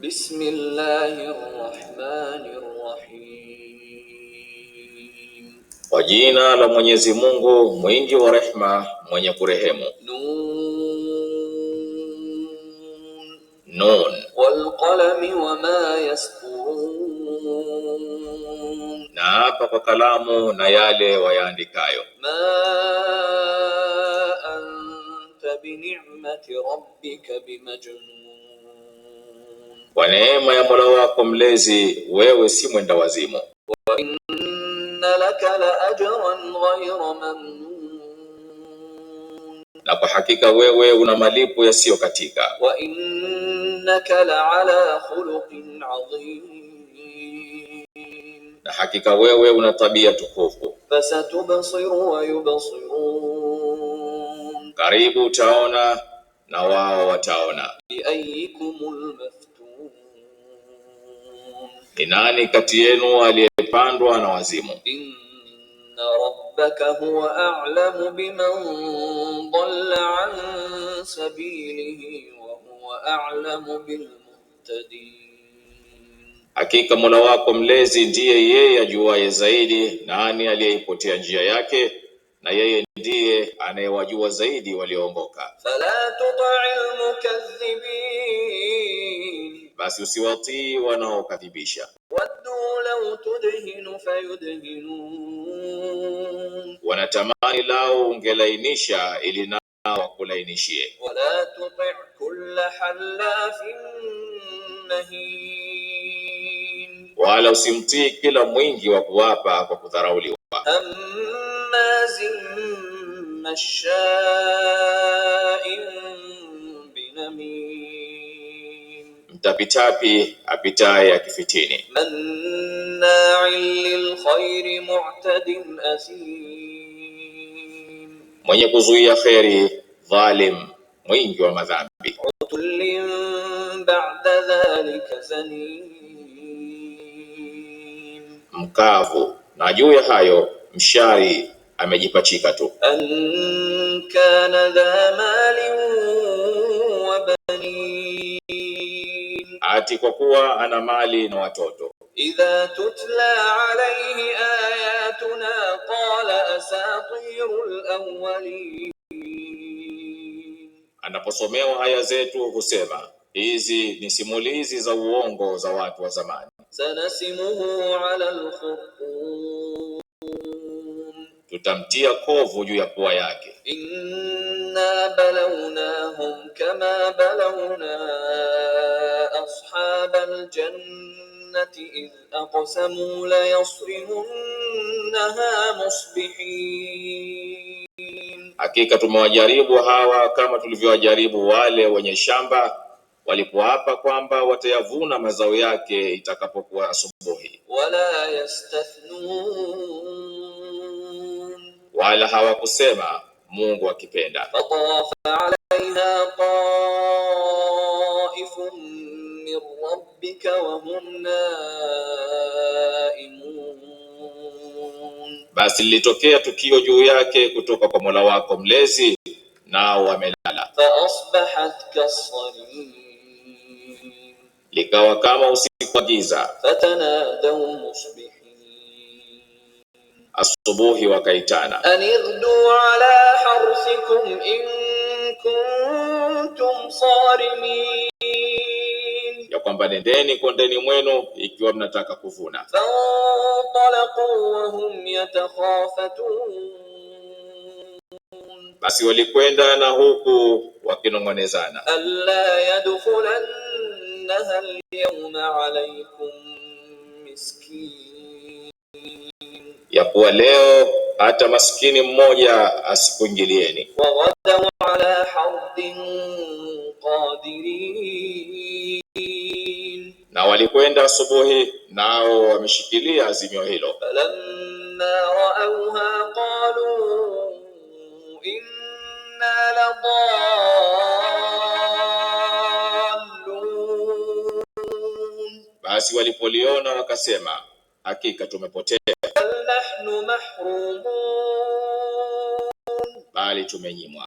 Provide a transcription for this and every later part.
Bismillahir Rahmanir Rahim, kwa jina la Mwenyezi Mungu mwingi wa rehema mwenye kurehemu. Nun, Nun. Wal qalami na hapa kwa kalamu na yale wayaandikayo ma anta bi ni'mati rabbika bimajnun kwa neema ya Mola wako mlezi, wewe si mwenda wazimu. inna laka la ajran ghayra mamnun, na kwa hakika wewe una malipo yasiyo katika. Wa innaka la ala khuluqin 'azim. na hakika wewe una tabia tukufu. Fasatubsiru wa yubsirun, karibu utaona na wao wataona. Bi ayyikumul ni nani kati yenu aliyepandwa na wazimu? Inna rabbaka huwa a'lamu biman dhalla an sabilihi wa huwa a'lamu bil muhtadin, hakika Mola wako mlezi ndiye yeye ajuaye zaidi nani aliyeipotea njia yake na yeye ndiye anayewajua zaidi walioongoka. Fala tuta'il mukaththibin basi usiwatii wanaokadhibisha. Waddu law tudhinu fayudhinun, wanatamani lao ungelainisha ili nao wakulainishie. Wala tuti' kulla hallafin mahin, wala usimtii kila mwingi wa kuwapa kwa kudharauliwa. Hammazin masha'in Mtapitapi apitaye akifitini. mwenye kuzuia kheri, dhalim, mwingi wa madhambi. mkavu na juu ya hayo mshari amejipachika tu. An kana dha ati kwa kuwa ana mali na watoto. Idha tutla alayhi ayatuna qala asatirul awwalin, anaposomewa haya zetu husema hizi ni simulizi za uongo za watu wa zamani. Sanasimuhu ala alkhurtum, tutamtia kovu juu ya pua yake. Inna balawnahum kama balawna أصحاب الجنة إذ أقسموا ليصرمنها مصبحين Hakika tumewajaribu hawa kama tulivyowajaribu wale wenye shamba walipoapa kwamba watayavuna mazao yake itakapokuwa asubuhi. Wala yastathnun, wala hawakusema Mungu akipenda. Fatafa alaiha من ربك وهم basi lilitokea tukio juu yake kutoka kwa Mola wako mlezi nao wamelala. kasarim, likawa kama usiku wa giza. musbihin, asubuhi wakaitana. ala in kuntum sarimin kwamba nendeni kondeni mwenu ikiwa mnataka kuvuna. Basi walikwenda na huku wakinong'onezana, alla yadkhulannaha alyawma alaykum miskin, ya kuwa leo hata maskini mmoja asikuingilieni. ala hardin qadirin walikwenda asubuhi, nao wameshikilia azimio hilo. basi walipoliona wakasema hakika tumepotea. bali tumenyimwa.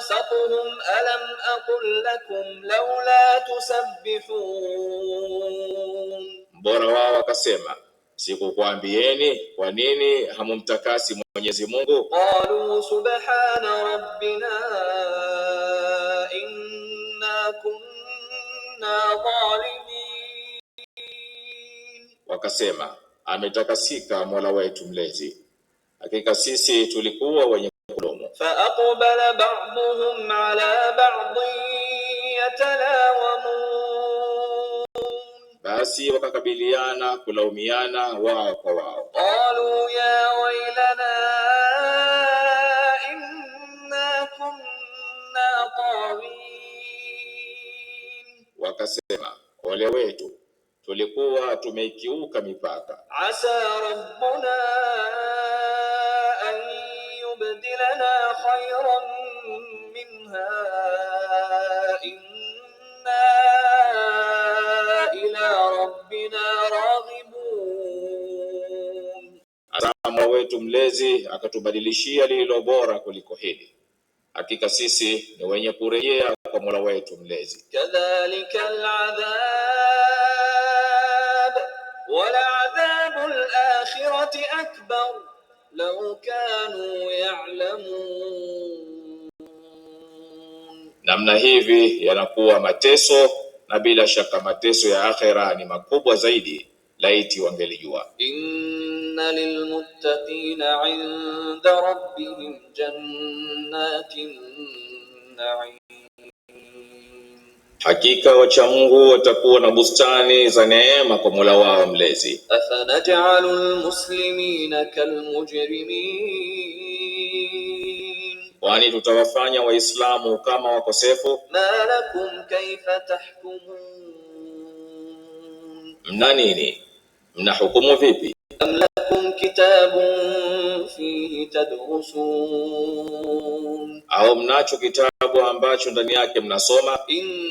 أوسطهم ألم أقل لكم لولا tusabbihun, mbona wao wakasema sikukwambieni kwa nini hamumtakasi Mwenyezi Mungu? Qalu subhana rabbina inna kunna zalimin, wakasema ametakasika Mola wetu mlezi, hakika sisi tulikuwa wenye فأقبل بعضهم على بعض yatalawamun, basi wakakabiliana kulaumiana wao kwa wao. Qalu ya wailana inna kunna tawin, wakasema ole wetu tulikuwa tumeikiuka mipaka. Asa rabbuna لنا خيرا منها إنا إلى ربنا راغبون Mola wetu mlezi akatubadilishia lililo bora kuliko hili. Hakika sisi ni wenye kurejea kwa Mola wetu mlezi. kadhalika aladhab walaadhabu alakhirati akbar لو كانوا يعلمون Namna hivi yanakuwa mateso, na bila shaka mateso ya akhera ni makubwa zaidi, laiti wangelijua. Inna lilmuttaqina 'inda rabbihim jannatin na'im Hakika wacha Mungu watakuwa na bustani za neema kwa Mola wao mlezi. Afanajalul muslimina kalmujrimin, kwani tutawafanya Waislamu kama wakosefu? Ma lakum kaifa tahkumun, mna nini? mna hukumu vipi? Am lakum kitabun fihi tadrusun, au mnacho kitabu ambacho ndani yake mnasoma? In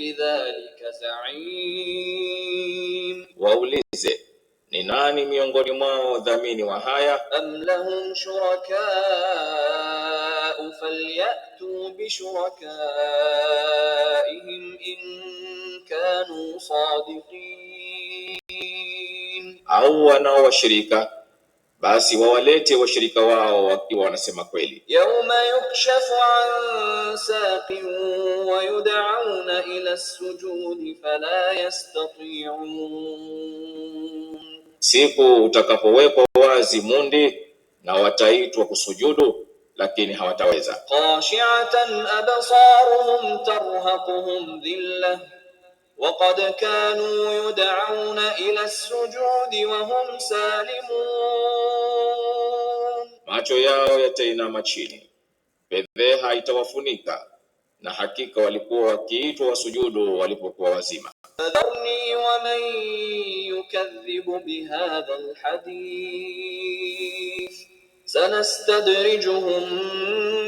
بذلك زعيم waulize ni nani miongoni mwao dhamini wa haya أم لهم شركاء فليأتوا بشركائهم in kanu sadiqin au wanaowashirika basi wawalete washirika wao wakiwa wanasema kweli. yauma yukshafu an saqin wa yud'auna ila as-sujud fala yastati'un, siku utakapowekwa wazi mundi na wataitwa kusujudu lakini hawataweza. khashi'atan absaruhum tarhaquhum dhillah wa qad kanu yud'auna ila as-sujud wa hum salimun macho yao yatainama chini, fedheha itawafunika, na hakika walikuwa wakiitwa wasujudu walipokuwa wazima. Fadharni wa man yukadhibu bihadha alhadith sanastadrijuhum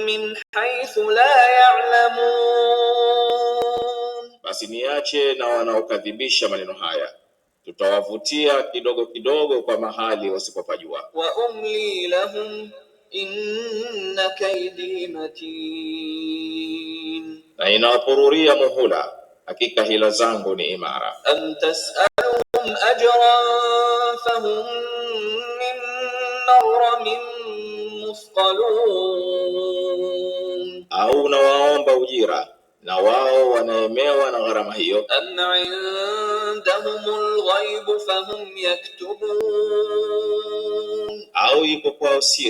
min haythu la ya'lamun, basi niache na wanaokadhibisha maneno haya tutawavutia kidogo kidogo kwa mahali wasipopajua. wa umli lahum inna kaidi matin, na inawapururia muhula, hakika hila zangu ni imara. am tasaluhum ajran fahum min maghramin musqalun, au nawaomba ujira na wao wanaemewa na gharama hiyo. am عندهم الغيب فهم يكتبون au ipo kwao بس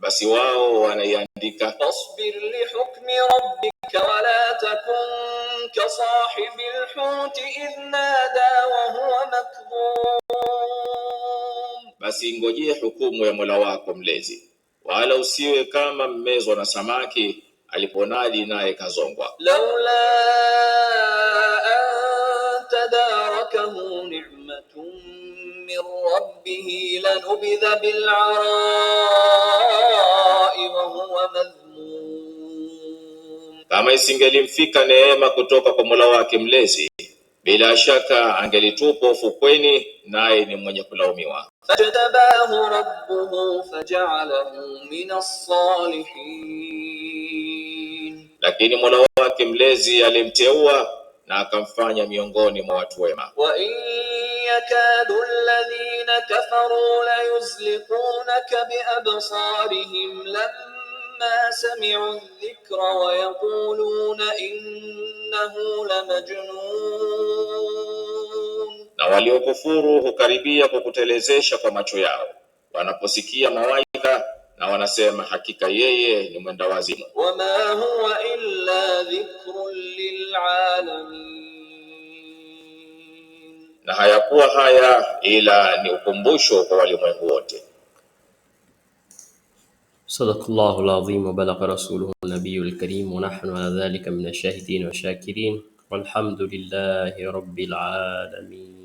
basi wao wanaiandika. Fasbir لحكم ربك ولا تكن كصاحب الحوت huti نادى وهو مكظوم بس makdhum, basi يا hukumu ya Mola wako mlezi, wala usiwe kama mmezwa na samaki aliponadi naye kazongwa. laula ربه لنبذ بالعراء وهو مذموم. Kama isingelimfika neema kutoka kwa Mola wake mlezi bila shaka angelitupwa ufukweni, naye ni mwenye kulaumiwa. Fajtabahu rabbuhu faja'alahu minas salihin, lakini Mola wake mlezi alimteua na akamfanya miongoni mwa watu wema. wa in يكاد الذين كفروا ليزلقونك بأبصارهم لما سمعوا الذكر ويقولون إنه لمجنون na waliokufuru hukaribia kukutelezesha kwa macho yao wanaposikia mawaidha na wanasema hakika yeye ni mwenda wazimu wama huwa illa dhikrun lilalamin na hayakuwa haya ila ni ukumbusho kwa walimwengu wote. Sadakallahu alazim wa balagha rasuluhu nabiyul karim wa nahnu ala dhalika min ashahidin wa shakirin walhamdulillahi rabbil alamin.